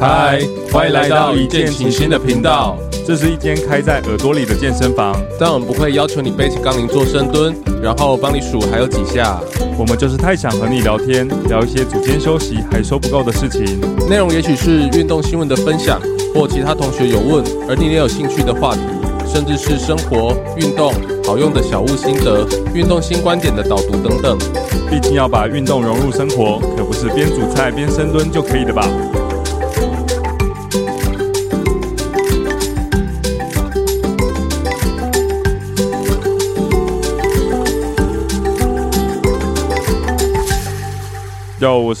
嗨，Hi, 歡迎來到一鍵傾心的頻道。這是一間開在耳朵裡的健身房，但我們不會要求你背起槓鈴做深蹲，然後幫你數還有幾下。我們就是太想和你聊天，聊一些組間休息還說不夠的事情。內容也許是運動新聞的分享，或其他同學有問而你也有興趣的話題，甚至是生活、運動好用的小物心得、運動新觀點的導讀等等。畢竟要把運動融入生活，可不是邊煮菜邊深蹲就可以的吧？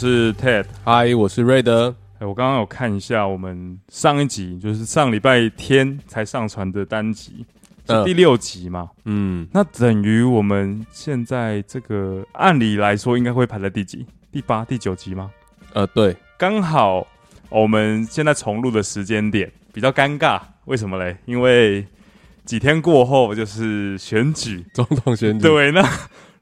我是 Ted，嗨，Hi, 我是瑞德。哎、欸，我剛剛有看一下我們上一集，就是上禮拜天才上傳的單集，是第六集嘛。呃、嗯，那等於我們現在這個按理來說應該會排在第幾？第八、第九集嗎？呃，對，剛好、哦、我們現在重錄的時間點比較尷尬，為什麼嘞？因為幾天過後就是選舉，總統選舉。對，那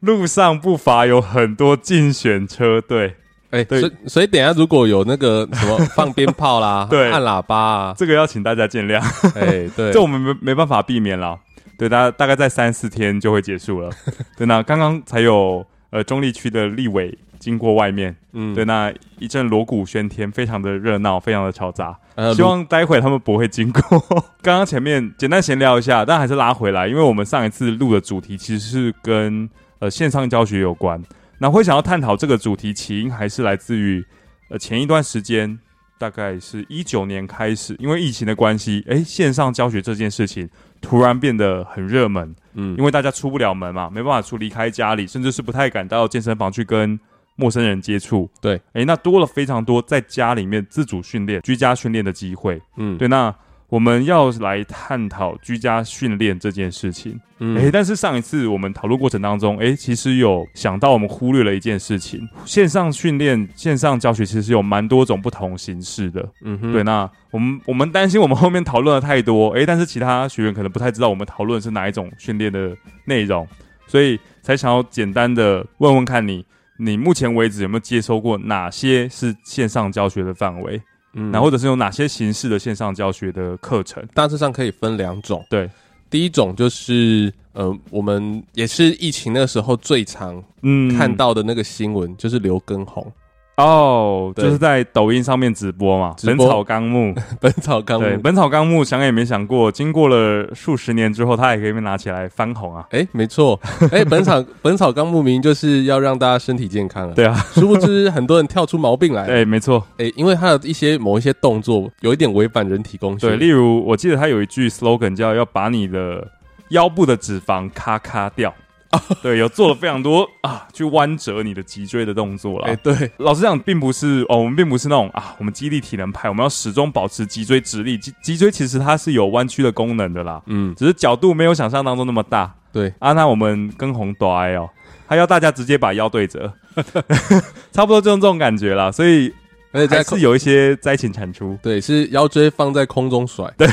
路上不乏有很多競選車隊。哎，所、欸、對所以等下如果有那個什麼放鞭炮啦， 對按喇叭啊，這個要請大家見諒。哎、 欸，對，這我們沒沒辦法避免了。對，大大概在三四天就會結束了。 對，那剛剛才有呃中壢區的立委經過外面，嗯，對，那一陣鑼鼓喧天，非常的熱鬧，非常的嘈雜。呃、希望待會他們不會經過。剛 剛前面簡單閒聊一下，但還是拉回來，因為我們上一次錄的主題其實是跟呃線上教學有關。那會想要探討這個主題起因，還是來自於，呃，前一段時間，大概是一九年開始，因為疫情的關係，哎，線上教學這件事情突然變得很熱門，嗯，因為大家出不了門嘛，沒辦法出離開家裡，甚至是不太敢到健身房去跟陌生人接觸，對，哎，那多了非常多在家裡面自主訓練、居家訓練的機會，嗯，對，那。我們要來探討居家訓練這件事情，嗯，欸，但是上一次我們討論過程當中，欸，其實有想到我們忽略了一件事情：線上訓練、線上教學其實有蠻多種不同形式的。嗯哼，對。那我們我們擔心我們後面討論的太多，欸，但是其他學員可能不太知道我們討論是哪一種訓練的內容，所以才想要簡單的問問看你，你目前為止有沒有接收過哪些是線上教學的範圍？嗯，然後或者是有哪些形式的線上教學的課程？大致、嗯、上可以分兩種。對，第一種就是呃，我們也是疫情那時候最常看到的那個新聞，嗯、就是劉畊宏。哦，oh, 對就是在抖音上面直播嘛，《本草綱目》，《本草綱目》，《本草綱目》，想也沒想過，經過了數十年之後，它也可以被拿起來翻紅啊！誒、欸，沒錯，誒、欸，本草》，《 本草綱目》名就是要讓大家身體健康啊！對啊， 殊不知很多人跳出毛病來。誒，沒錯，誒、欸，因為它的一些某一些動作有一點違反人體工學。對，例如我記得它有一句 slogan 叫“要把你的腰部的脂肪咔咔掉”。啊，oh、對，有做了非常多 啊，去彎折你的脊椎的動作了。哎、欸，對，老實講，並不是哦，我們並不是那種啊，我們肌力體能派，我們要始終保持脊椎直立。脊脊椎其實它是有彎曲的功能的啦，嗯，只是角度沒有想象當中那麼大。對啊，那我們跟紅哆哎哦，還要大家直接把腰對折， 差不多就是這種感覺了。所以。是有一些災情產出，對，是腰椎放在空中甩，對，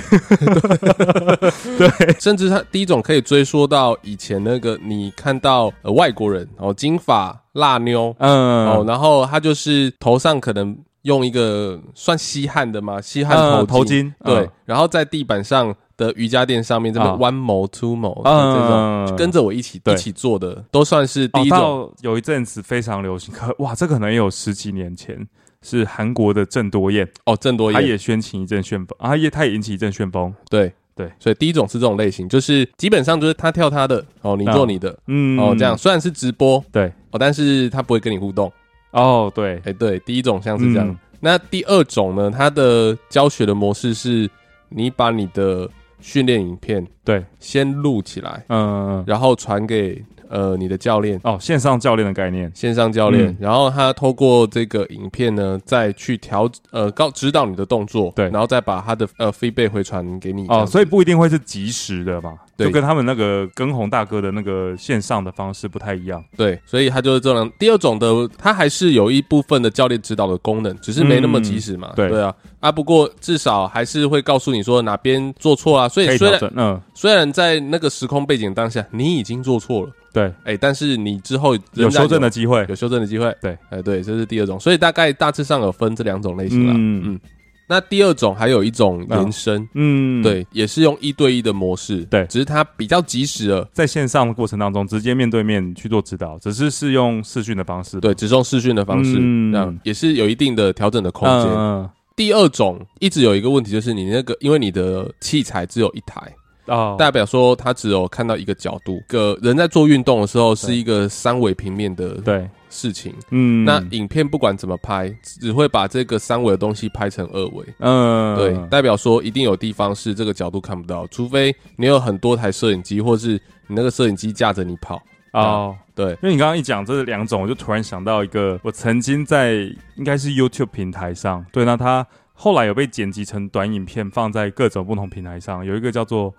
對，甚至他第一種可以追溯到以前那個你看到呃外國人哦，金髮辣妞，嗯，哦，然後他就是頭上可能用一個算吸汗的嘛，吸汗頭頭巾，嗯、頭巾對，然後在地板上的瑜伽墊上面這麼 one more two more，啊，這種跟着我一起對 一起做的，都算是第一種。哦、有一陣子非常流行，可哇，這可能也有十幾年前。是韓國的鄭多燕哦，鄭多燕，他也掀起一陣旋風啊，也他也引起一陣旋風，對對，對所以第一種是這種類型，就是基本上就是他跳他的哦，你做你的，嗯哦，這樣，雖然是直播對哦，但是他不會跟你互動哦，對，哎、欸、對，第一種像是這樣，嗯、那第二種呢，他的教學的模式是，你把你的訓練影片對先錄起來，嗯，嗯，嗯，然後傳給。呃，你的教練哦，線上教練的概念，線上教練，嗯、然後他透過這個影片呢，再去調呃，告指導你的動作，對，然後再把他的呃 feedback 回傳給你哦，所以不一定會是即時的嘛，對就跟他們那個跟 Red 大哥的那個線上的方式不太一樣，對，所以他就是這種第二種的，他還是有一部分的教練指導的功能，只是沒那麼即時嘛，嗯、對，對啊，啊，不過至少還是會告訴你說哪邊做錯啊，所以雖然以嗯，雖然在那個時空背景當下，你已經做錯了。對，哎、欸，但是你之後有，有修正的機會，有修正的機會，對，哎、欸、對，這是第二種，所以大概大致上有分這兩種類型了，嗯，嗯，那第二種還有一種延伸，嗯，對，也是用一對一的模式，對、嗯，只是它比較及時了，在線上的過程當中直接面對面去做指導，只是是用視訊的，的，的方式，對，只是用視訊的方式，嗯，也是有一定的調整的空間。嗯、第二種一直有一個問題，就是你那個，因為你的器材只有一台。啊，oh. 代表說他只有看到一個角度，個人在做運動的時候是一個三維平面的對事情，嗯，那影片不管怎麼拍，只會把這個三維的東西拍成二維，嗯，對，代表說一定有地方是這個角度看不到，除非你有很多台攝影機，或是你那個攝影機架着你跑，哦，oh. 對，因為你剛剛一講這兩種，我就突然想到一個，我曾經在應該是 YouTube 平台上，對，那它後來有被剪輯成短影片，放在各種不同平台上，有一個叫做。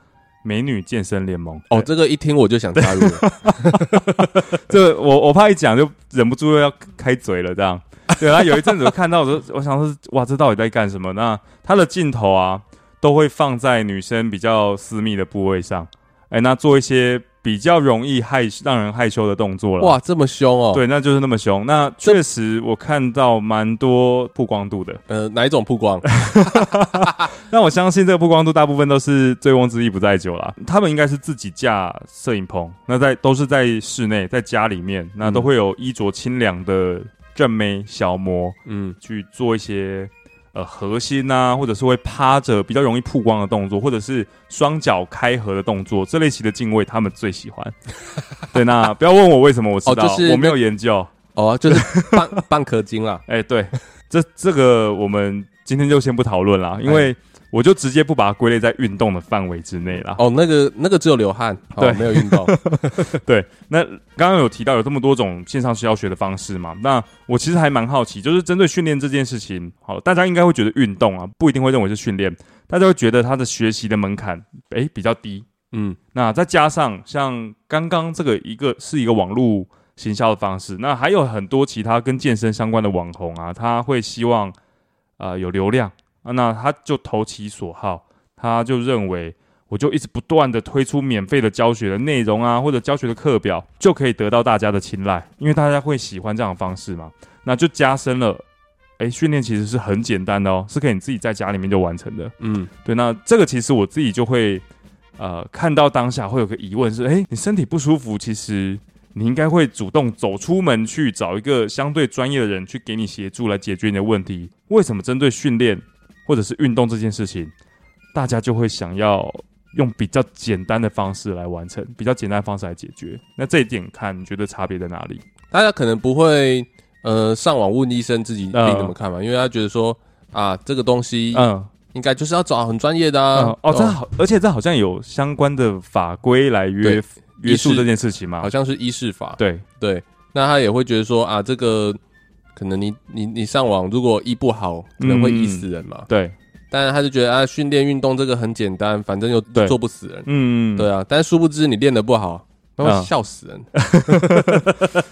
美女健身聯盟哦，對這個一聽我就想加入了。對 這我我怕一講就忍不住又要開嘴了，這樣。對啊，然後有一陣子就看到我就，我我想說哇，這到底在幹什麼？那他的鏡頭啊，都會放在女生比較私密的部位上。哎，那做一些比較容易害讓人害羞的動作了。哇，這麼凶哦？對，那就是那麼凶。那確這實我看到蠻多曝光度的。呃，哪一種曝光？ 那我相信這個曝光度大部分都是醉翁之意不在酒啦。他們應該是自己架攝影棚，那在都是在室內，在家裡面，那都會有衣着清涼的正妹小模，嗯，去做一些呃核心吶、啊，或者是會趴着比較容易曝光的動作，或者是雙腳開合的動作，這類型的鏡位他們最喜歡。 對，那不要問我為什麼，我知道、哦就是、我沒有研究，哦、啊，就是 半半顆金了。哎、欸，對，這這個我們今天就先不討論啦，因為。欸我就直接不把它歸類在運動的範圍之內了。哦，那個那個只有流汗，對。哦，沒有運動。 對，那剛剛有提到有這麼多種線上教學的方式嘛？那我其實還蠻好奇，就是針對訓練這件事情，好，大家應該會覺得運動啊，不一定會認為是訓練，大家會覺得他的學習的門檻欸，比較低。嗯，那再加上像剛剛這個一個是一個網絡行銷的方式，那還有很多其他跟健身相關的網紅啊，他會希望呃有流量。啊，那他就投其所好，他就認為我就一直不斷的推出免費的教學的內容啊，或者教學的課表，就可以得到大家的青睞，因為大家會喜歡這樣的方式嘛。那就加深了，欸，訓練其實是很簡單的哦，是可以你自己在家裡面就完成的。嗯，對。那這個其實我自己就會呃看到當下會有個疑問是，欸，你身體不舒服，其實你應該會主動走出門去找一個相對專業的人去給你協助來解決你的問題，為什麼針對訓練？或者是運動這件事情，大家就會想要用比較簡單的方式來完成，比較簡單的方式來解決。那這一點看，你覺得差別在哪裡？大家可能不會呃上網問醫生自己病怎麼看嘛，呃、因為他覺得說啊這個東西嗯應該就是要找很專業的、啊呃、哦，這、呃哦、而且這好像有相關的法規來約對約束這件事情嘛，好像是醫師法對對。那他也會覺得說啊這個。可能你你你上網，如果醫不好，可能會醫死人嘛？嗯，對。但他是他就覺得啊，訓練運動這個很簡單，反正又對做不死人。嗯嗯。對啊，但殊不知你練得不好，會會笑死人。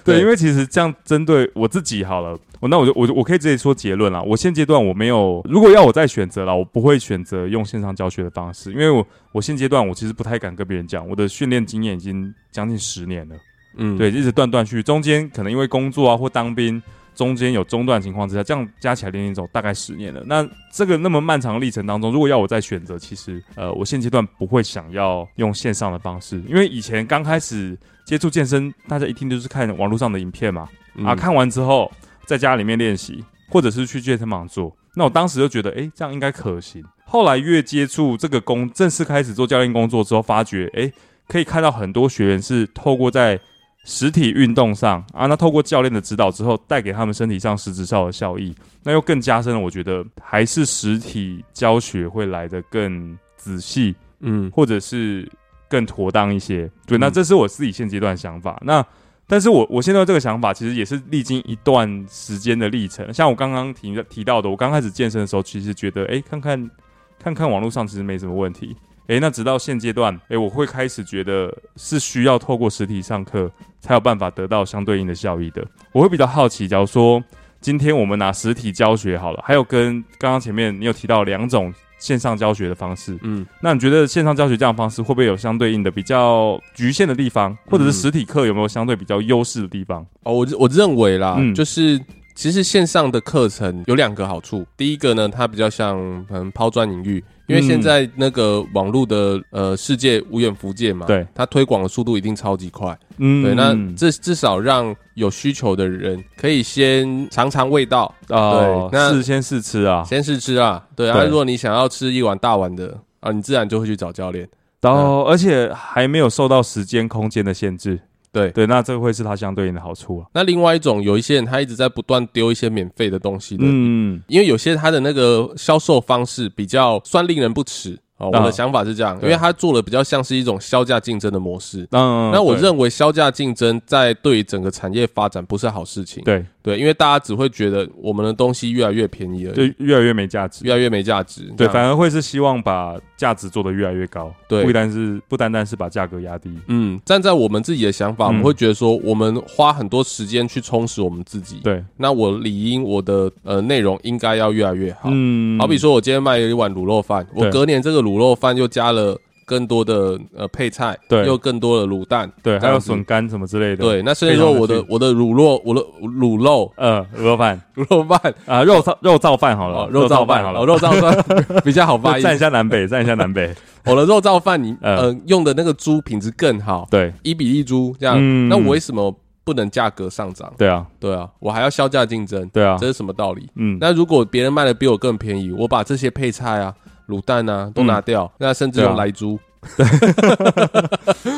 對，因為其實這樣針對我自己好了，我那我就我我可以直接說結論啦。我現階段我沒有，如果要我再選擇啦，我不會選擇用線上教學的方式，因為我我現階段我其實不太敢跟別人講，我的訓練經驗已經將近十年了。嗯，對，一直斷斷續，中間可能因為工作啊或當兵。中間有中斷情況之下，這樣加起來練一種大概十年了。那這個那麼漫長的歷程當中，如果要我再選擇，其實呃，我現階段不會想要用線上的方式，因為以前剛開始接觸健身，大家一聽就是看網絡上的影片嘛，嗯、啊，看完之後在家裡面練習，或者是去健身房做。那我當時就覺得，誒、欸，這樣應該可行。後來越接觸這個工，正式開始做教練工作之後，發覺，誒、欸，可以看到很多學員是透過在。實體運動上啊，那透過教練的指導之後，帶給他們身體上、實質上的效益，那又更加深了。我覺得還是實體教學會來得更仔細，嗯，或者是更妥當一些。對，那這是我自己現階段想法。嗯、那但是我我現在這個想法，其實也是歷經一段時間的歷程。像我剛剛提提到的，我剛開始健身的時候，其實覺得，哎，看看看看網絡上其實沒什麼問題。誒，那直到現階段，誒，我會開始覺得是需要透過實體上課才有辦法得到相對應的效益的。我會比較好奇，假如說今天我們拿實體教學好了，還有跟剛剛前面你有提到兩種線上教學的方式，嗯，那你覺得線上教學這樣的方式會不會有相對應的比較局限的地方，或者是實體課有沒有相對比較優勢的地方？嗯、哦，我我認為啦，嗯、就是。其實線上的課程有兩個好處，第一個呢，它比較像可能拋磚引玉，因為現在那個網絡的、嗯、呃世界無遠弗屆嘛，對，它推廣的速度一定超級快，嗯，對，那至，至少讓有需求的人可以先嘗嘗味道，哦、對，呃、那試先試吃啊，先試吃啊，對，對啊，如果你想要吃一碗大碗的啊，你自然就會去找教練，然後到、嗯、而且還沒有受到時間空間的限制。對對，那這個會是它相對應的好處啊。那另外一種，有一些人他一直在不斷丟一些免費的東西的，對對嗯，因為有些他的那個銷售方式比較算令人不齒。我的想法是這樣，因為他做的比較像是一種銷價競爭的模式。嗯，那我認為銷價競爭在對於整個產業發展不是好事情。對，對，因為大家只會覺得我們的東西越來越便宜了，就越來越沒價值，越來越沒價值。對，反而會是希望把價值做得越來越高。對，不單是不單單是把價格壓低。嗯，站在我們自己的想法，我們會覺得說，我們花很多時間去充實我們自己。對，那我理應我的呃內容應該要越來越好。嗯，好比說，我今天賣了一碗滷肉飯，我隔年這個滷。滷肉飯又加了更多的呃配菜，對，又更多的滷蛋，對，還有筍乾什麼之類的，對。那所以說我的我的滷肉我的滷肉嗯滷肉飯滷肉飯啊肉燥肉燥飯好了肉燥飯好了肉燥飯比較好發音。站一下南北，站一下南北。我的肉燥飯你嗯用的那個豬品質更好，對，一比一豬這樣，那為什麼不能價格上漲？對啊，對啊，我還要銷價競爭，對啊，這是什麼道理？嗯，那如果別人賣的比我更便宜，我把這些配菜啊。滷蛋啊，都拿掉，嗯、那甚至有萊豬，對，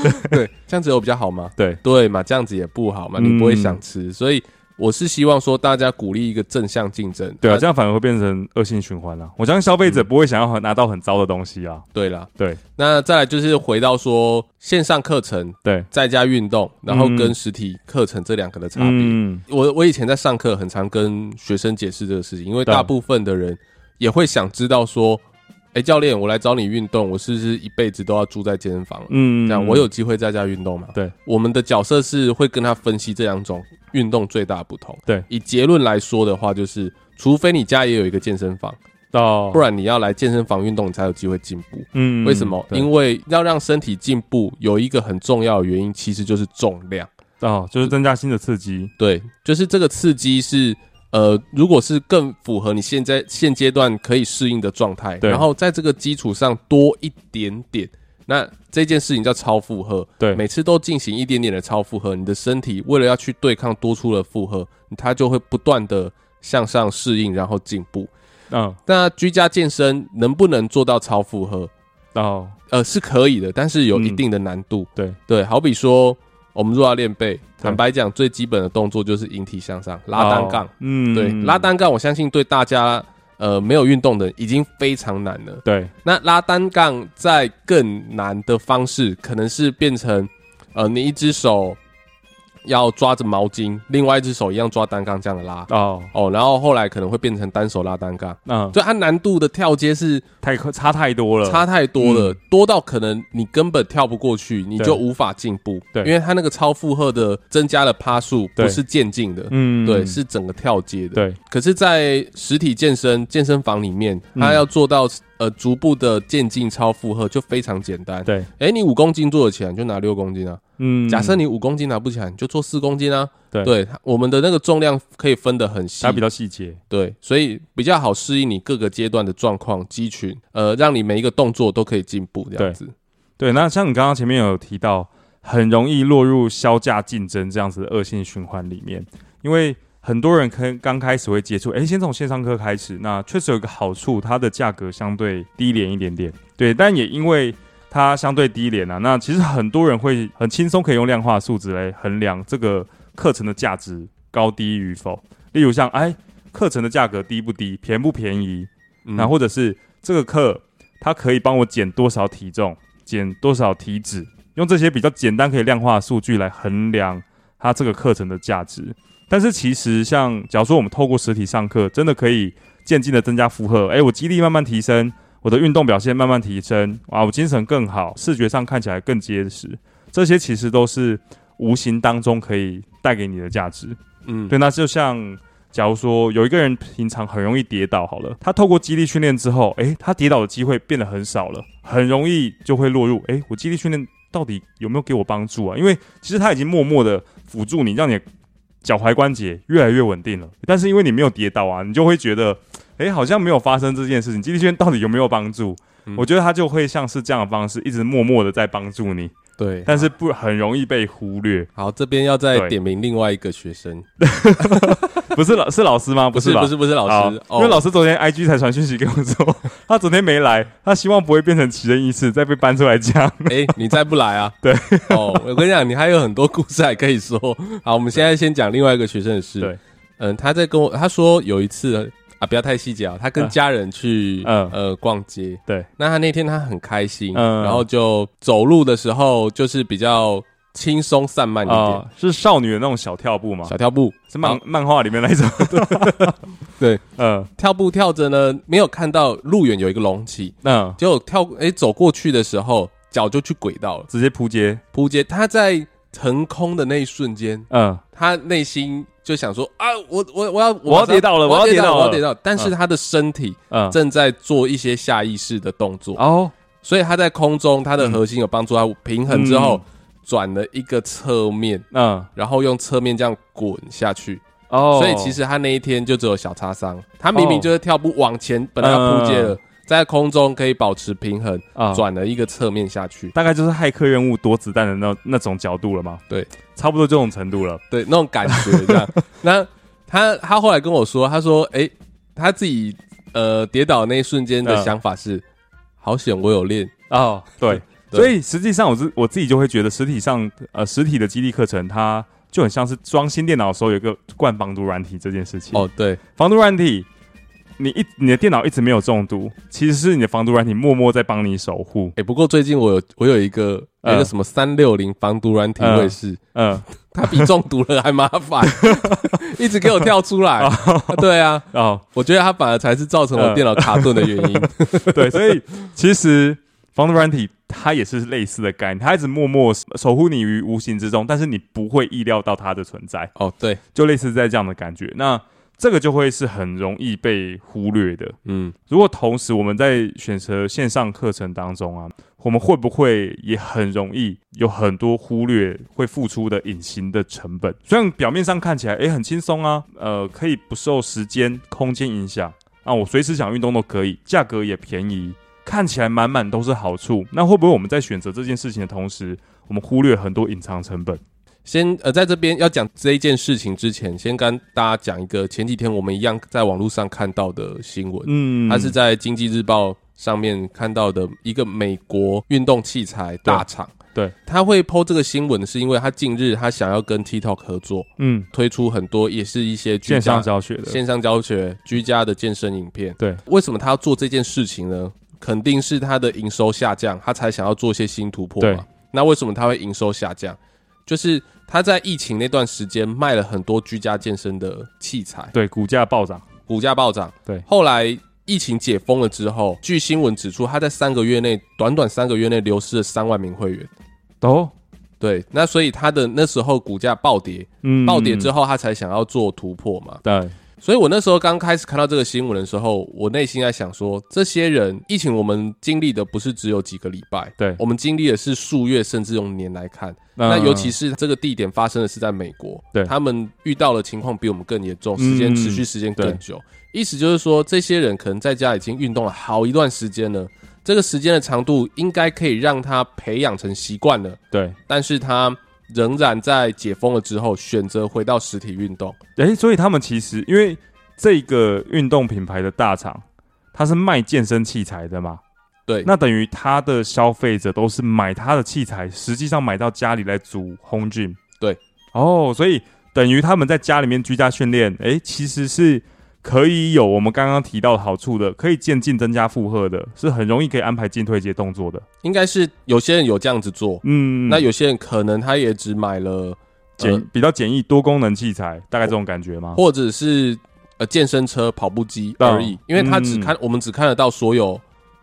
啊、 對，這樣子有比較好嗎？對，對嘛，這樣子也不好嘛，你不會想吃，嗯、所以我是希望說大家鼓勵一個正向競爭，對啊，那這樣反而會變成惡性循環了，啊。我相信消費者不會想要拿到很糟的東西啊。對了，嗯，對啦，對那再來就是回到說線上課程，對，在家運動，然後跟實體課程這兩個的差別，嗯、我我以前在上課很常跟學生解釋這個事情，因為大部分的人也會想知道說。哎、欸，教練，我來找你運動，我是不是一輩子都要住在健身房了？嗯，那我有機會在家運動嗎？對，我們的角色是會跟他分析這兩種運動最大不同。對，以結論來說的話，就是除非你家也有一個健身房，哦，不然你要來健身房運動，你才有機會進步。嗯，為什麼？對，因為要讓身體進步，有一個很重要的原因，其實就是重量。哦，就是增加新的刺激。對，就是這個刺激是。呃，如果是更符合你現在現階段可以適應的狀態，對然後在這個基礎上多一點點，那這件事情叫超負荷，對，每次都進行一點點的超負荷，你的身體為了要去對抗多出了負荷，它就會不斷的向上適應，然後進步。嗯、哦，那居家健身能不能做到超負荷？哦，呃，是可以的，但是有一定的難度。嗯、對，對，好比說。我們若要練背，對坦白講，最基本的動作就是引體向上、拉單槓。哦。嗯，對，嗯，拉單槓，我相信對大家呃沒有運動的已經非常難了。對，那拉單槓再更難的方式，可能是變成呃你一隻手。要抓着毛巾，另外一隻手一樣抓單槓這樣的拉哦哦，oh. oh, 然後後來可能會變成單手拉單槓，嗯，oh. 所以它難度的跳階是太差太多了，差太多了，多，了嗯、多到可能你根本跳不過去，你就無法進步，對，因為它那個超負荷的增加的趴數，不是漸進的，嗯對，對，是整個跳階的，對、嗯，可是，在實體健身健身房裡面，它要做到。呃，逐步的漸進超負荷就非常簡單。對，哎、欸，你五公斤做得起來，你就拿六公斤啊。嗯，假設你五公斤拿不起來，你就做四公斤啊。對，對，我們的那個重量可以分得很細，它比較細節。對，所以比較好適應你各個階段的狀況、肌群，呃，讓你每一個動作都可以進步這樣子對。對，那像你剛剛前面有提到，很容易落入削價競爭這樣子的惡性循環裡面，因為。很多人可能剛開始會接觸，哎、欸，先從線上課開始。那確實有一個好處，它的價格相對低廉一點點。對，但也因為它相對低廉吶、啊，那其實很多人會很輕鬆可以用量化數值來衡量這個課程的價值高低與否。例如像，哎、欸，課程的價格低不低，便不便宜？嗯，那或者是這個課它可以幫我減多少體重，減多少體脂？用這些比較簡單可以量化數據來衡量它這個課程的價值。但是其實，像假如說我們透過實體上課，真的可以漸進的增加負荷，哎，我肌力慢慢提升，我的運動表現慢慢提升，啊，我精神更好，視覺上看起來更結實，這些其實都是無形當中可以帶給你的價值。嗯，對。那就像假如說有一個人平常很容易跌倒，好了，他透過肌力訓練之後，哎，他跌倒的機會變得很少了，很容易就會落入，哎，我肌力訓練到底有沒有給我幫助啊？因為其實他已經默默的輔助你，讓你。腳踝關節越來越穩定了，但是因為你沒有跌倒啊，你就會覺得，誒、欸、好像沒有發生這件事情。筋力圈到底有沒有幫助？嗯、我覺得他就會像是這樣的方式，一直默默的在幫助你。對，但是不好很容易被忽略。好，這邊要再點名另外一個學生。對 不是老是老師嗎？不是,不是不是不是老師，好哦、因為老師昨天 I G 才傳訊息跟我說，他昨天沒來，他希望不會變成奇人異事再被搬出來講。哎、欸，你再不來啊？ 對，哦，我跟你講，你還有很多故事還可以說。好，我們現在先講另外一個學生的事。對，嗯，他在跟我他說有一次啊，不要太細節啊，他跟家人去呃,呃逛街。對，那他那天他很開心，嗯、然後就走路的時候就是比較。輕鬆散漫一點，是少女的那種小跳步嗎？小跳步是漫漫畫裡面那種。對，嗯，跳步跳着呢，沒有看到路遠有一個隆起，嗯，結果跳，哎，走過去的時候腳就去軌道了，直接撲街，撲街。他在騰空的那一瞬間，嗯，他內心就想說啊，我我我要我要跌倒了，我要跌倒，我要跌倒。但是他的身體，嗯，正在做一些下意識的動作哦，所以他在空中，他的核心有幫助他平衡之後。轉了一個側面，嗯，然後用側面這樣滾下去，哦，所以其實他那一天就只有小擦傷。他明明就是跳步往前，本來要撲街了，嗯、在空中可以保持平衡，轉、嗯、了一個側面下去，大概就是駭客任務躲子彈的那那種角度了嗎？對，差不多這種程度了。對，那種感覺這樣。 那他他後來跟我說，他說：“哎、欸，他自己呃跌倒的那一瞬間的想法是，嗯、好險我有練哦”，對。所以實際上我，我自我自己就會覺得，實體上呃，實體的基地課程，它就很像是裝新電腦的時候有一個冠防毒軟體這件事情。哦，對，防毒軟體，你一你的電腦一直沒有中毒，其實是你的防毒軟體默默在幫你守護。哎、欸，不過最近我有我有一個有一個什麼三六零防毒軟體，會是，嗯、呃，呃、它比中毒了還麻煩， 一直給我跳出來。哦、啊對啊，哦，我覺得它反而才是造成我電腦卡頓的原因。呃、 對，所以其實。防毒軟體，它也是類似的概念，它一直默默守護你於無形之中，但是你不會意料到它的存在。哦，oh, 對，就類似在這樣的感覺。那這個就會是很容易被忽略的。嗯，如果同時我們在選擇線上課程當中啊，我們會不會也很容易有很多忽略會付出的隱形的成本？雖然表面上看起來，誒、欸、很輕鬆啊，呃，可以不受時間、空間影響啊，我隨時想運動都可以，價格也便宜。看起來滿滿都是好處，那會不會我們在選擇這件事情的同時，我們忽略很多隱藏成本？先呃，在這邊要講這一件事情之前，先跟大家講一個前幾天我們一樣在網絡上看到的新聞。嗯，他是在《經濟日報》上面看到的一個美國運動器材大廠。對，他會 po 這個新聞，是因為他近日他想要跟 TikTok 合作，嗯，推出很多也是一些居家線上教學的線上教學居家的健身影片。對，為什麼他要做這件事情呢？肯定是他的營收下降，他才想要做一些新突破嘛。對那為什麼他會營收下降？就是他在疫情那段時間賣了很多居家健身的器材，對，股價暴漲，股價暴漲。對，後來疫情解封了之後，據新聞指出，他在三個月內短短三個月內流失了三萬名會員。哦，對，那所以他的那時候股價暴跌，嗯，暴跌之後他才想要做突破嘛。對。所以我那時候剛開始看到這個新聞的時候，我內心在想說，這些人疫情我們經歷的不是只有幾個禮拜，對，我們經歷的是數月，甚至用年來看。呃、那尤其是這個地點發生的是在美國，對，他們遇到的情況比我們更嚴重，時間持續時間更久。嗯、意思就是說，這些人可能在家已經運動了好一段時間了，這個時間的長度應該可以讓他培養成習慣了。對，但是他。仍然在解封了之後選擇回到實體運動，誒、欸，所以他們其實因為這個運動品牌的大廠，它是賣健身器材的嘛，對，那等於他的消費者都是買他的器材，實際上買到家裡來組 Home Gym，對，哦，所以等於他們在家裡面居家訓練，誒、欸，其實是。可以有我們剛剛提到的好處的，可以漸進增加負荷的，是很容易可以安排進退階動作的。應該是有些人有這樣子做，嗯，那有些人可能他也只買了簡比較簡易多功能器材，大概這種感覺嗎？或者是呃健身車、跑步機而已，因為他只看我們只看得到所有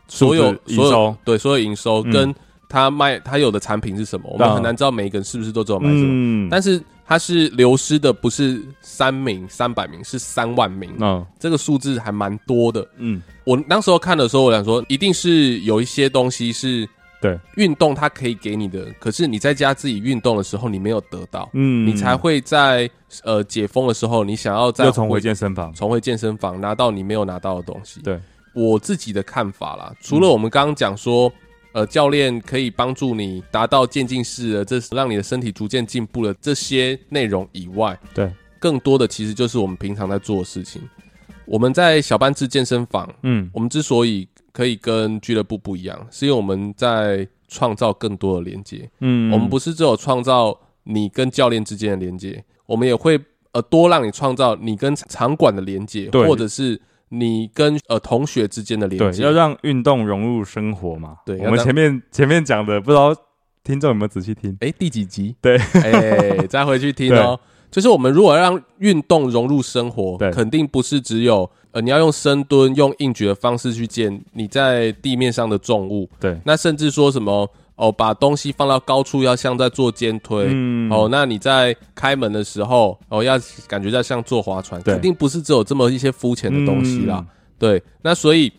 所有營收，對所有營收，跟他賣他有的產品是什麼，我們很難知道每一個人是不是都這種買什麼，但是。它是流失的不是三名，三百名，是三萬名，嗯，oh. 這個數字還蠻多的。嗯，我當時候看的時候，我想說，一定是有一些東西是對運動它可以給你的，對可是你在家自己運動的時候，你沒有得到，嗯，你才會在呃解封的時候，你想要再回重回健身房，重回健身房拿到你沒有拿到的東西。對我自己的看法啦，除了我們剛剛講說。嗯呃，教練可以幫助你達到漸進式的這，這是讓你的身體逐漸進步了。這些內容以外，對，更多的其實就是我們平常在做的事情。我們在小班制健身房，嗯，我們之所以可以跟俱樂部不一樣，是因為我們在創造更多的連接，嗯，嗯，我們不是只有創造你跟教練之間的連接，我們也會呃多讓你創造你跟場館的連接，對或者是。你跟呃同學之間的連接，要讓運動融入生活嘛？對，我們前面前面講的，不知道聽眾有沒有仔細聽？誒、欸，第幾集？對，誒、欸，再回去聽哦、喔。對就是我們如果要讓運動融入生活，對肯定不是只有呃，你要用深蹲、用硬舉的方式去撿你在地面上的重物，對，那甚至說什麼？哦，把東西放到高處，要像在做肩推，嗯、哦，那你在開門的時候，哦，要感覺在像坐划船，對肯定不是只有這麼一些膚淺的東西啦。嗯、對，那所以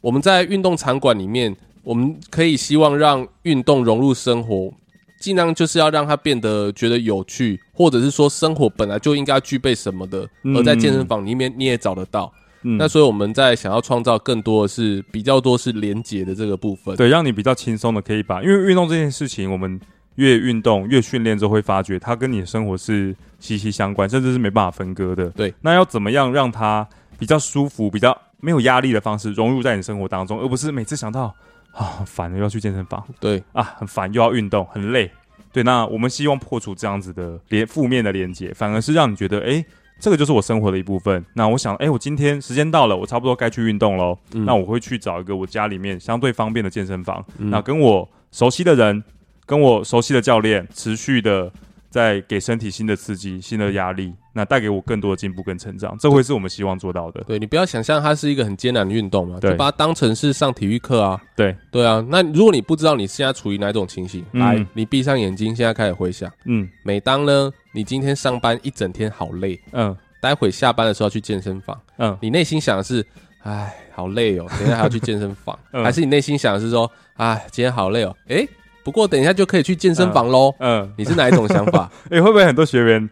我們在運動場館裡面，我們可以希望讓運動融入生活，盡量就是要讓它變得覺得有趣，或者是說生活本來就應該具備什麼的，而在健身房裡面你也找得到。嗯嗯嗯，那所以我們在想要創造更多的是比較多是聯結的這個部分，對，讓你比較輕鬆的可以把，因為運動這件事情，我們越運動越訓練之後會發覺它跟你的生活是息息相關，甚至是沒辦法分割的。對，那要怎麼樣讓它比較舒服、比較沒有壓力的方式融入在你生活當中，而不是每次想到啊，很煩的要去健身房，對啊，很煩，又要運動很累，對，那我們希望破除這樣子的連負面的連結，反而是讓你覺得誒。欸這個就是我生活的一部分。那我想，哎、欸，我今天時間到了，我差不多該去運動嘍。嗯。那我會去找一個我家裡面相對方便的健身房。嗯。那跟我熟悉的人，跟我熟悉的教練，持續的在給身體新的刺激、新的壓力。那帶給我更多的進步跟成長，這會是我們希望做到的。對，對你不要想象它是一個很艱難的運動嘛，對就把它當成是上體育課啊。對對啊，那如果你不知道你現在處於哪一種情形，嗯、來，你閉上眼睛，現在開始回想。嗯，每當呢，你今天上班一整天好累，嗯，待會下班的時候去健身房，嗯，你內心想的是，哎，好累哦，喔，等一下還要去健身房， 嗯、還是你內心想的是說，哎，今天好累哦，喔，哎、欸，不過等一下就可以去健身房嘍。嗯，你是哪一種想法？哎、 欸，會不會很多學員？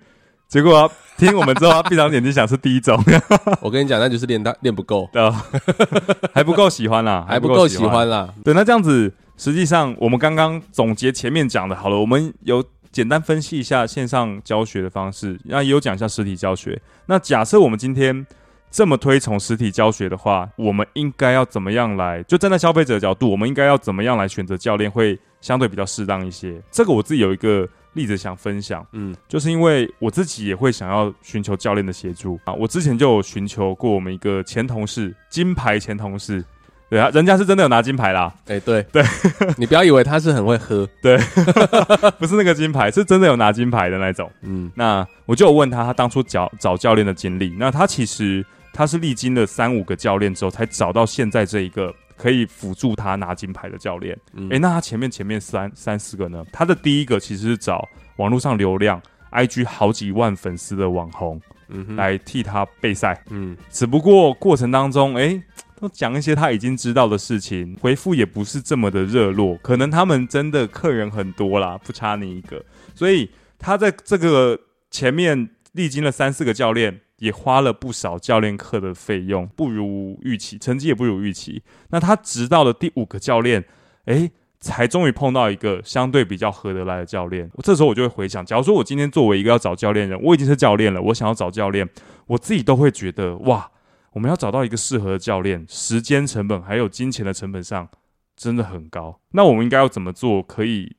結果、啊、聽我們之後、啊，他閉上眼睛想是第一種。 我跟你講，那就是練到練不夠， 還不夠喜歡啦，還不夠喜，喜歡啦，對。那這樣子，實際上我們剛剛總結前面講的，好了，我們有簡單分析一下線上教學的方式，那也有講一下實體教學。那假設我們今天這麼推崇實體教學的話，我們應該要怎麼樣來？就站在消費者的角度，我們應該要怎麼樣來選擇教練會相對比較適當一些？這個我自己有一個。例子想分享，嗯，就是因為我自己也會想要尋求教練的協助啊。我之前就有尋求過我們一個前同事，金牌前同事，對啊，人家是真的有拿金牌啦。哎、欸，對對，你不要以為他是很會喝，對， 不是那個金牌，是真的有拿金牌的那種。嗯，那我就有問他他當初找找教練的經歷，那他其實他是歷經了三五個教練之後才找到現在這一個，可以輔助他拿金牌的教練，哎，嗯，欸，那他前面前面三三四個呢？他的第一個其實是找網絡上流量，IG 好幾萬粉絲的網紅，嗯哼，來替他備賽，嗯，只不過過程當中，哎，欸，都講一些他已經知道的事情，回復也不是這麼的熱絡，可能他們真的客人很多啦，不差你一個，所以他在這個前面歷經了三四個教練。也花了不少教練課的費用，不如預期，成績也不如預期。那他直到了第五個教練，誒，才終於碰到一個相對比較合得來的教練。我這時候我就會回想，假如說我今天作為一個要找教練人，我已經是教練了，我想要找教練，我自己都會覺得，哇，我們要找到一個適合的教練，時間成本還有金錢的成本上真的很高。那我們應該要怎麼做，可以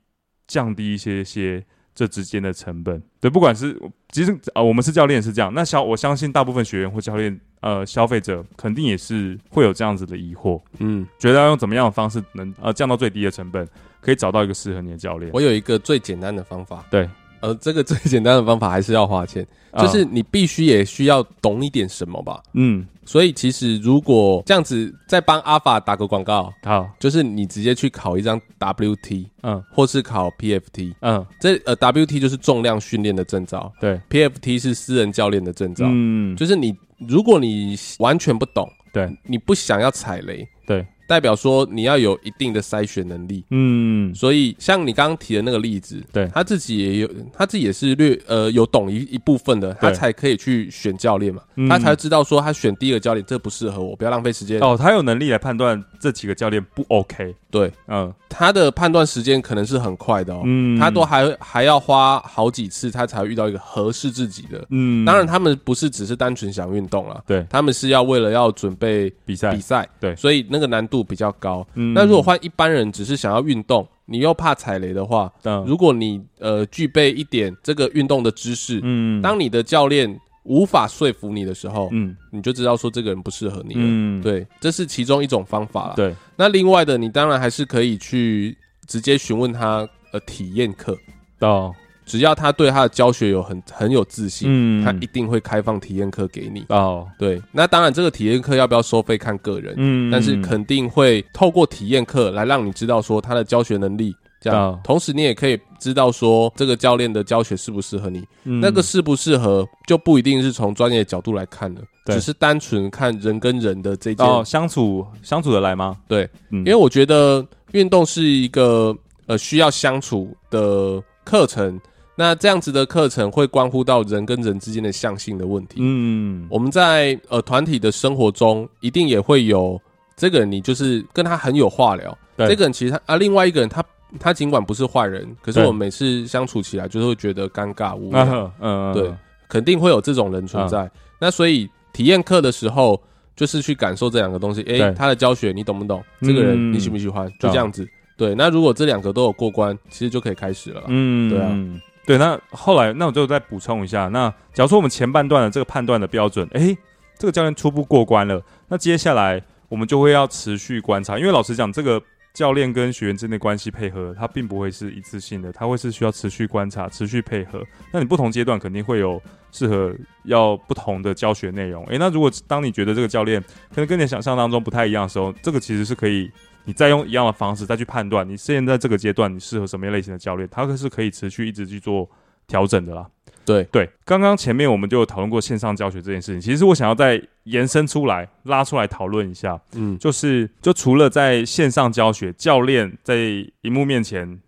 降低一些些？這之間的成本，對，不管是其實啊、呃，我們是教練是這樣，那小我相信大部分學員或教練，呃，消費者肯定也是會有這樣子的疑惑，嗯，覺得要用怎麼樣的方式能呃降到最低的成本，可以找到一個適合你的教練。我有一個最簡單的方法，對。呃，這個最簡單的方法還是要花錢，就是你必須也需要懂一點什麼吧？嗯，所以其實如果這樣子再幫阿法打個廣告，好，就是你直接去考一張 WT，嗯，或是考 PFT，嗯，這呃 WT 就是重量訓練的證照，對，PFT 是私人教練的證照，嗯，就是你如果你完全不懂，對，你不想要踩雷，對。代表說你要有一定的篩選能力，嗯，所以像你剛剛提的那個例子，對他自己也有，他自己也是略呃有懂一一部分的，他才可以去選教練嘛，他才知道說他選第一個教練這不適合我，不要浪費時間哦。他有能力來判斷這幾個教練不 OK，對，嗯，他的判斷時間可能是很快的哦，他都還還要花好幾次他才遇到一個合適自己的，嗯，當然他們不是只是單純想運動了，對他們是要為了要準備比賽，比賽，對，所以那個難度。比較高，嗯、那如果換一般人，只是想要運動，你又怕踩雷的話，嗯、如果你呃具備一點這個運動的知識，嗯、當你的教練無法說服你的時候，嗯、你就知道說這個人不適合你了，嗯、對，這是其中一種方法了。對、嗯，那另外的，你當然還是可以去直接詢問他，呃，體驗課到。嗯只要他對他的教學有很很有自信，嗯，他一定會開放體驗課給你哦。到對，那當然這個體驗課要不要收費看個人，嗯，但是肯定會透過體驗課來讓你知道說他的教學能力，這樣，到同時你也可以知道說這個教練的教學適不適合你。嗯，那個適不適合就不一定是從專業角度來看了，對只是單純看人跟人的這一件哦相處相處得來嗎？對，嗯，因為我覺得運動是一個呃需要相處的課程。那這樣子的課程會關乎到人跟人之間的相性的問題。嗯，我們在呃團體的生活中，一定也會有這個人，你就是跟他很有話聊。對 這個人其實他啊，另外一個人他他儘管不是壞人，可是我們每次相處起來就是會覺得尷尬無比。嗯嗯，對，肯定會有這種人存在。啊、那所以體驗課的時候，就是去感受這兩個東西。哎，他的教學你懂不懂？這個人你喜不喜歡？嗯、就這樣子。到 對，那如果這兩個都有過關，其實就可以開始了。嗯，對啊。對，那後來那我就再補充一下，那假如說我們前半段的這個判斷的標準，誒，這個教練初步過關了，那接下來我們就會要持續觀察，因為老實講，這個教練跟學員之間的關係配合，它並不會是一次性的，它會是需要持續觀察、持續配合。那你不同階段肯定會有適合要不同的教學內容。誒，那如果當你覺得這個教練可能跟你想象當中不太一樣的時候，這個其實是可以，你再用一樣的方式再去判斷你現在這個階段你適合什麼類型的教練，他是可以持續一直去做調整的啦。對對，剛剛前面我們就有討論過線上教學這件事情，其實我想要再延伸出來拉出來討論一下，嗯，就是就除了在線上教學教練在熒幕面前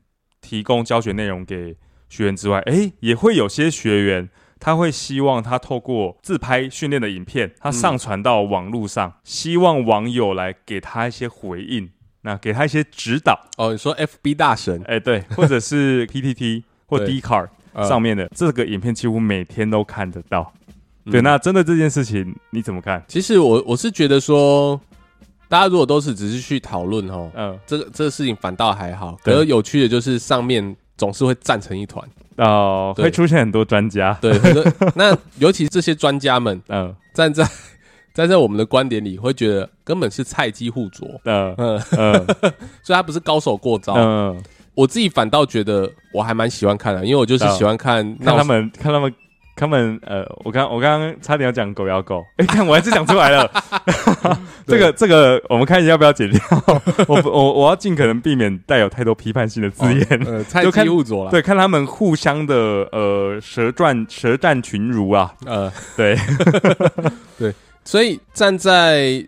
提供教學內容給學員之外，哎、欸，也會有些學員他會希望他透過自拍訓練的影片，他上傳到網絡上，嗯、希望網友來給他一些回應。那給他一些指導哦，你說 F B 大神哎、欸，對，或者是 P T T 或 D Card、 呃、上面的這個影片，幾乎每天都看得到。嗯、對，那針對這件事情你怎麼看？其實我我是覺得說，大家如果都是只是去討論哦，嗯、呃，這個這個事情反倒還好。可是有趣的就是上面總是會站成一團哦，會對、呃、出現很多專家，對， 對，那尤其是這些專家們，嗯、呃，站在。但在我們的觀點裡，會覺得根本是菜雞互啄。嗯嗯，所以他不是高手過招。嗯，我自己反倒覺得我還蠻喜歡看的，因為我就是喜歡看、uh, 看他們看他們看他們呃，我剛我剛剛差點要講狗咬狗，哎、欸，看我還是講出來了。這個這個，這個、我們看一下要不要剪掉？我我我要盡可能避免帶有太多批判性的字眼。Uh, uh, 菜雞互啄了，對，看他們互相的呃舌戰舌戰群儒啊。呃，對，對。所以站在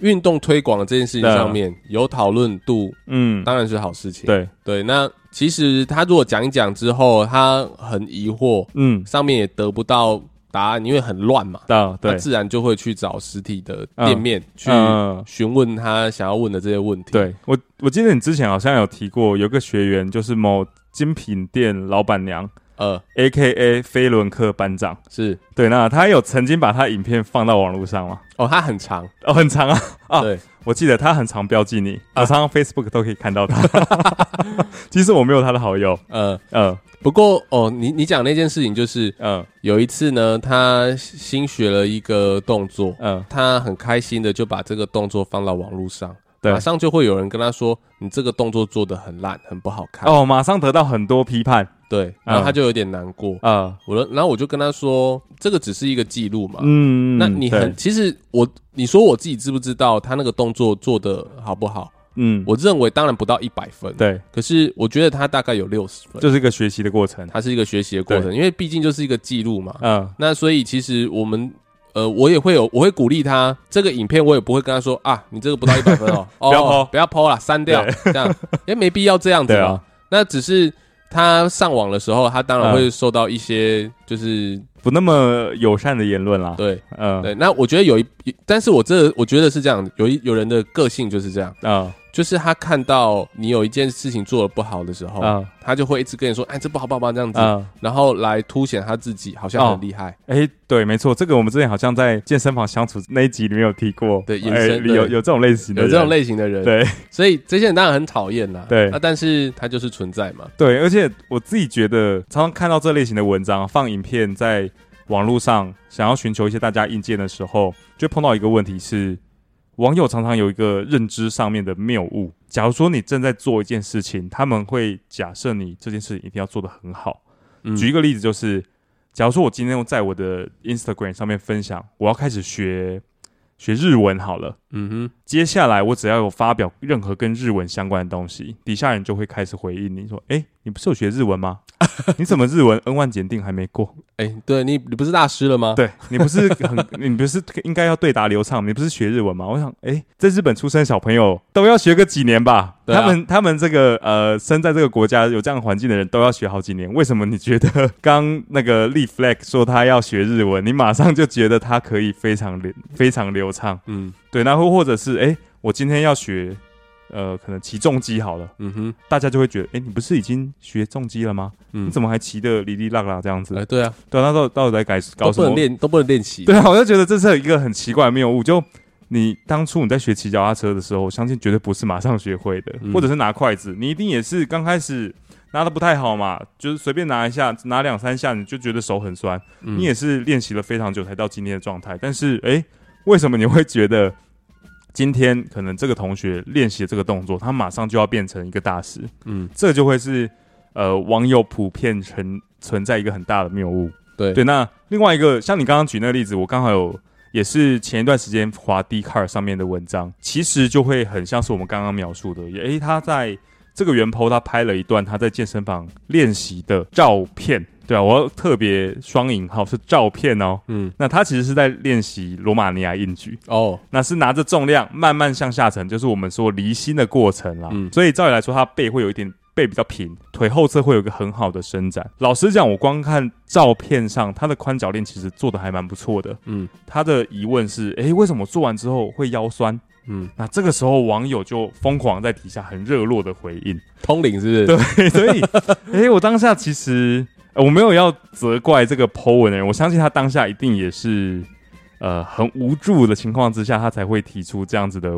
運動推廣這件事情上面、嗯、有討論度，嗯，當然是好事情。對對，那其實他如果講一講之後，他很疑惑，嗯，上面也得不到答案，因為很亂嘛，對，他自然就會去找實體的店面、嗯、去詢問他想要問的這些問題。對，我，我記得你之前好像有提過，有個學員就是某精品店老闆娘。呃，A K A 飛輪課班長是，對，那他有曾經把他影片放到網絡上嗎？哦，他很長哦，很長啊 啊！對，我記得他很常標記你啊，常常 Facebook 都可以看到他。 其實我沒有他的好友，呃呃，呃不過哦，你你講那件事情就是，嗯、呃，有一次呢，他新學了一個動作，嗯、呃，他很開心的就把這個動作放到網絡上。馬上就會有人跟他說：“你這個動作做得很爛，很不好看。”哦，馬上得到很多批判，對，然後他就有點難過啊。嗯、我然後我就跟他說：“這個只是一個記錄嘛，嗯，那你很對其實我你說我自己知不知道他那個動作做得好不好？嗯，我認為當然不到一百分，對。可是我覺得他大概有六十分，這是一個學習的過程，他是一個學習的過程，對因為畢竟就是一個記錄嘛，嗯。那所以其實我們。呃，我也會有，我會鼓勵他。這個影片我也不會跟他說啊，你這個不到一百分哦, 不要 po 哦，不要 po，不要 po 啦，刪掉。對這樣，也沒必要這樣子啊。對哦，那只是他上網的時候，他當然會受到一些，就是不那麼友善的言論啦。對，嗯，對。那我覺得有一，但是我這我覺得是這樣，有一有人的個性就是這樣啊。嗯就是他看到你有一件事情做的不好的時候，啊、嗯，他就會一直跟你說，哎，這不好不好，這樣子，嗯、然後來凸顯他自己好像很厲害。哎、嗯欸，對，沒錯，這個我們之前好像在健身房相處那一集裡面有提過，對，欸對欸、有有有這種類型，的，有這種類型的人，的人對，所以這些人當然很討厭啦，對、啊，但是他就是存在嘛，對，而且我自己覺得，常常看到這類型的文章，放影片在網絡上，想要尋求一些大家意見的時候，就碰到一個問題是。網友常常有一個認知上面的謬誤，假如說你正在做一件事情，他們會假設你這件事情一定要做得很好。嗯、舉一個例子，就是假如說我今天我在我的 Instagram 上面分享，我要開始學學日文好了，嗯哼，接下來我只要有發表任何跟日文相關的東西，底下人就會開始回應你說：“哎、欸，你不是有學日文嗎？” 你怎麼日文 N，萬檢定還沒過？哎、欸，對你，你不是大師了嗎？對你不是很，你不是應該要對答流暢？你不是學日文嗎？我想，哎、欸，在日本出生小朋友都要學個幾年吧？對啊、他們他們這個呃，生在這個國家有這樣環境的人，都要學好幾年。為什麼你覺得剛那個立 flag 說他要學日文，你馬上就覺得他可以非常流、非常流暢？嗯，對，然後或者是哎、欸，我今天要學。呃，可能騎重機好了，嗯哼，大家就會覺得，哎、欸，你不是已經學重機了嗎？嗯，你怎麼還騎得哩哩啦啦這樣子？哎、欸，對啊，對啊，那到到時再改，搞什麼練都不能練騎。對啊，我就覺得這是一個很奇怪的謬誤。就你當初你在學騎腳踏車的時候，我相信絕對不是馬上學會的，嗯、或者是拿筷子，你一定也是剛開始拿得不太好嘛，就是隨便拿一下，拿兩三下你就覺得手很酸，嗯、你也是練習了非常久才到今天的狀態。但是，哎、欸，為什麼你會覺得？今天可能這個同學練習這個動作，他馬上就要變成一個大師。嗯，這就會是呃網友普遍存存在一個很大的謬誤。對對，那另外一個像你剛剛舉那個例子，我剛好有也是前一段時間滑 Dcard 上面的文章，其實就會很像是我們剛剛描述的，誒、欸，他在這個原 po 他拍了一段他在健身房練習的照片。對啊，我特別雙引號是照片哦，嗯，那他其實是在練習羅馬尼亞硬舉哦，那是拿着重量慢慢向下沉，就是我們說離心的過程啦，嗯，所以照理來說，他背會有一點背比較平，腿後側會有一個很好的伸展。老實講，我光看照片上他的寬腳鏈其實做得還蠻不錯的，嗯，他的疑問是，誒，為什麼做完之後會腰酸？嗯，那這個時候網友就瘋狂在底下很熱絡的回應，通靈是不是？對，所以， 誒，我當下其實。我沒有要責怪這個 po 文的人，我相信他當下一定也是，呃，很無助的情況之下，他才會提出這樣子的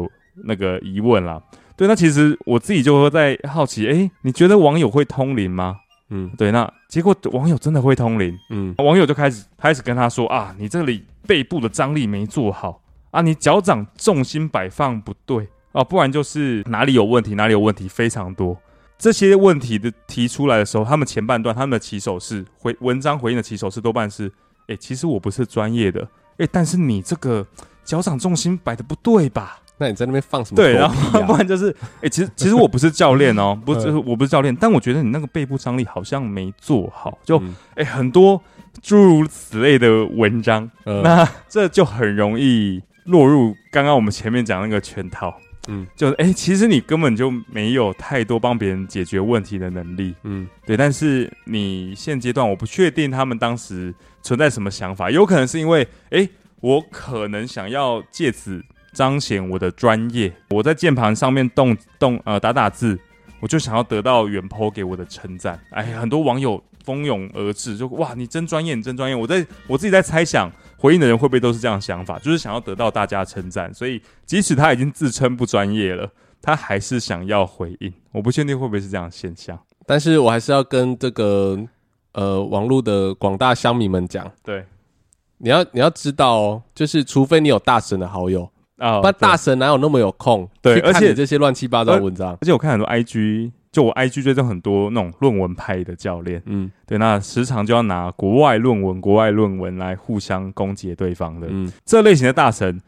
那個疑問啦。對，那其實我自己就會在好奇，誒、欸，你覺得網友會通靈嗎？嗯，對，那結果網友真的會通靈，嗯，網友就開始開始跟他說啊，你這裡背部的張力沒做好啊，你腳掌重心擺放不對啊，不然就是哪裡有問題，哪裡有問題非常多。這些問題的提出來的時候，他們前半段他們的起手式回文章回應的起手式多半是，哎、欸，其實我不是專業的，哎、欸，但是你這個腳掌重心擺得不對吧？那你在那邊放什麼、啊？對，然後不然就是，哎、欸，其實其實我不是教練哦，不是，我不是教練，但我覺得你那個背部張力好像沒做好，就，哎、欸，很多諸如此類的文章，嗯、那這就很容易落入剛剛我們前面講那個圈套。嗯，就哎、欸，其實你根本就沒有太多幫別人解決問題的能力，嗯，對。但是你現階段，我不確定他們當時存在什麼想法，有可能是因為哎、欸，我可能想要借此彰顯我的專業，我在鍵盤上面動動呃打打字，我就想要得到原 PO 給我的稱讚。哎，很多網友蜂擁而至，就哇，你真專業，你真專業。我在我自己在猜想。回應的人會不會都是這樣的想法，就是想要得到大家稱讚，所以即使他已經自稱不專業了，他還是想要回應。我不確定會不會是這樣現象，但是我還是要跟這個呃網絡的廣大鄉民們講，對，你要你要知道哦，就是除非你有大神的好友啊，oh, 不然大神哪有那麼有空對去看你這些亂七八糟文章而而，而且我看很多 IG。就我 IG 追蹤很多那種論文派的教練，嗯，對，那時常就要拿國外論文、國外論文來互相攻擊對方的，嗯，這類型的大神，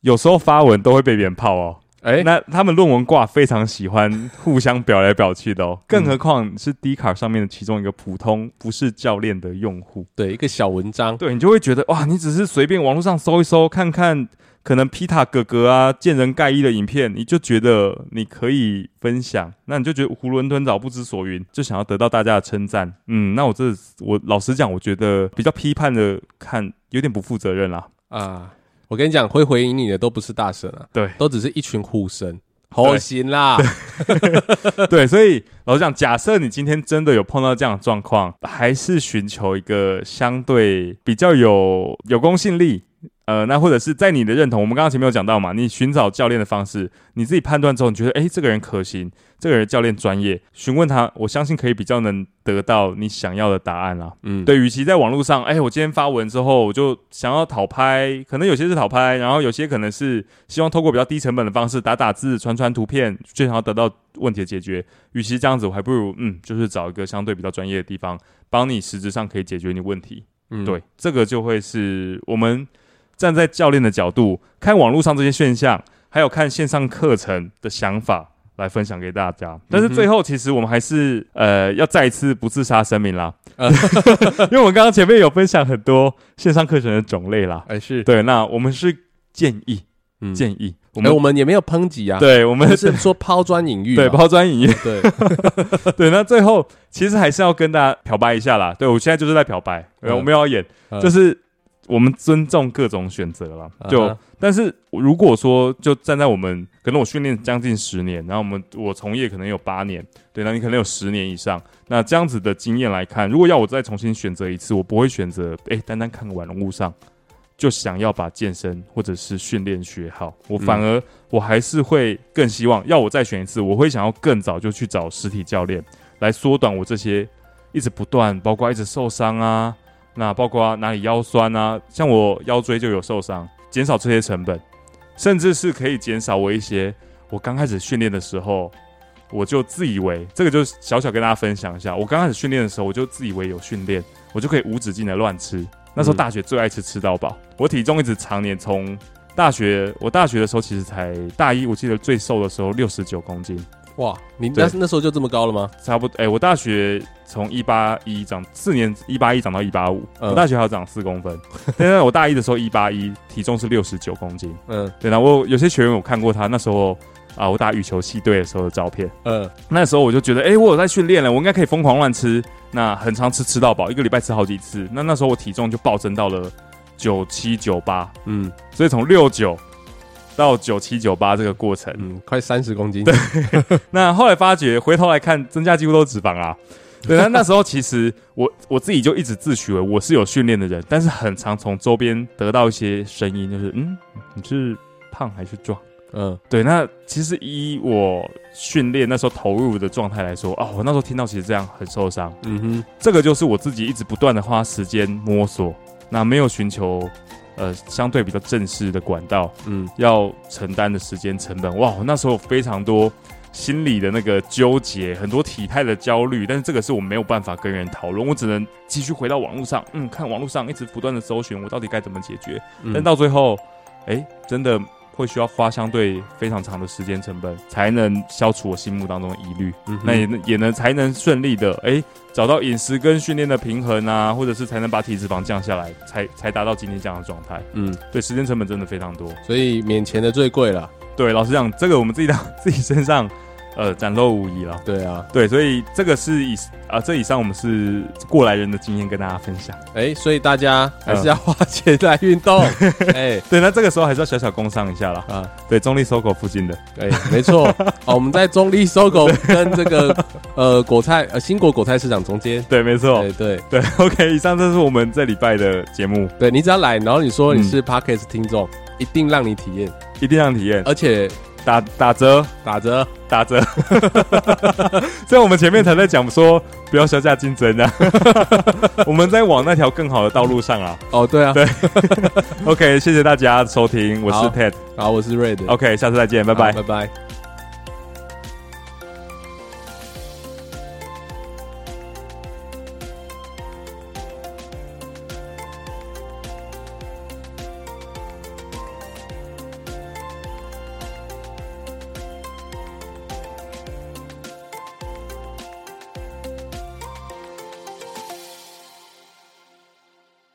有時候發文都會被鞭爆哦，哎、欸，那他們論文掛非常喜歡互相表來表去的哦，更何況是 D 卡上面的其中一個普通不是教練的用戶，對，一個小文章，對，你就會覺得哇，你只是隨便網路上搜一搜看看。可能皮塔哥哥啊，見人蓋一的影片，你就覺得你可以分享，那你就覺得囫圇吞棗，不知所云，就想要得到大家的稱讚。嗯，那我這我老實講，我覺得比較批判的看有點不負責任啦。啊，我跟你講，會回應你的都不是大神了，啊，對，都只是一群虎神，好噁心啦。對，對， 對，所以老實講，假設你今天真的有碰到這樣的狀況，還是尋求一個相對比較有有公信力，呃，那或者是在你的認同，我們剛剛前面有講到嘛，你尋找教練的方式，你自己判斷之後，你覺得誒，這個人可行，這個人教練專業，詢問他，我相信可以比較能得到你想要的答案啦、啊。嗯，對，與其在網絡上，誒，我今天發文之後，我就想要討拍，可能有些是討拍，然後有些可能是希望透過比較低成本的方式打打字、傳傳圖片，就想要得到問題的解決。與其這樣子，我還不如嗯，就是找一個相對比較專業的地方，幫你實質上可以解決你問題。嗯，對，這個就會是我們。站在教練的角度看網絡上這些現象，還有看線上課程的想法來分享給大家。嗯、哼但是最後，其實我們還是呃要再一次不自殺聲明啦，呃、 因為我們剛剛前面有分享很多線上課程的種類啦，還、欸、是對。那我們是建議，嗯、建議我們、欸、我們也沒有抨擊啊，對我們，我們是說拋磚引玉，對拋磚引玉，對 對。那最後其實還是要跟大家漂白一下啦，對我現在就是在漂白，嗯、我們要演、嗯、就是。我們尊重各種選擇了，就但是如果說就站在我們可能我訓練將近十年，然後我們我從業可能有八年，對，那你可能有十年以上，那這樣子的經驗來看，如果要我再重新選擇一次，我不會選擇哎、欸，單單看玩物上就想要把健身或者是訓練學好，我反而我還是會更希望，要我再選一次，我會想要更早就去找實體教練來縮短我這些一直不斷，包括一直受傷啊。那包括哪裡腰酸啊？像我腰椎就有受傷，減少這些成本，甚至是可以減少我一些。我剛開始訓練的時候，我就自以為這個就小小跟大家分享一下。我剛開始訓練的時候，我就自以為有訓練，我就可以無止境的亂吃。嗯。那時候大學最愛吃，吃到飽。我體重一直常年從大學，我大學的時候其實才大一，我記得最瘦的時候六十九公斤。哇，你那是那時候就這麼高了嗎？差不多，哎、欸，我大學從一八一長四年，一八一長到一八五，我大學還要長四公分。但，我大一的時候一八一，體重是六十九公斤。嗯，對，然後我有，有些學員有看過他那時候啊，我打羽球系隊的時候的照片。嗯，那時候我就覺得，哎、欸，我有在訓練了，我應該可以瘋狂亂吃。那很常吃吃到飽，一個禮拜吃好幾次。那那時候我體重就暴增到了九七九八。嗯，所以從六九。到九七九八這個過程，嗯，快三十公斤。對， 那後來發覺，回頭來看，增加幾乎都是脂肪啊。對，那 那時候其實我我自己就一直自詡為我是有訓練的人，但是很常從周邊得到一些聲音，就是嗯，你是胖還是壯？嗯，對，那其實依我訓練那時候投入的狀態來說，哦，我那時候聽到其實這樣很受傷。嗯哼，這個就是我自己一直不斷的花時間摸索，那沒有尋求。呃，相對比較正式的管道，嗯，要承擔的時間成本，哇，那時候非常多心理的那個糾結，很多體態的焦慮，但是這個是我沒有辦法跟人討論，我只能繼續回到網絡上，嗯，看網絡上一直不斷的搜尋我到底該怎麼解決，嗯，但到最後，哎、欸，真的。會需要花相對非常長的時間成本，才能消除我心目當中的疑慮，嗯、哼那也也能才能順利的哎、欸、找到飲食跟訓練的平衡啊，或者是才能把體脂肪降下來，才才達到今天這樣的狀態。嗯，對，時間成本真的非常多，所以免錢的最貴了。對，老實講，這個我們自己到自己身上。呃，展露無遺了。對啊，對，所以這個是以啊，這以上我們是過來人的經驗跟大家分享。哎，所以大家還是要花錢來運動。哎，對，那這個時候還是要小小工商一下了啊。對，中壢 SOGO 附近的。對，沒錯。啊，我們在中壢 SOGO 跟這個呃果菜呃新國果菜市場中間。對，沒錯。對對對。OK，以上這是我們這禮拜的節目。對，你只要來，然後你說你是 Podcast 聽眾，一定讓你體驗，一定讓你體驗，而且。打打折打折打折，所以我們前面才在講說不要削價競爭的、啊， 我們在往那條更好的道路上啊、嗯。對哦，對啊，對。 OK，謝謝大家收聽，我是 Ted，好，好，我是 Red。OK，下次再見，好拜拜，拜拜。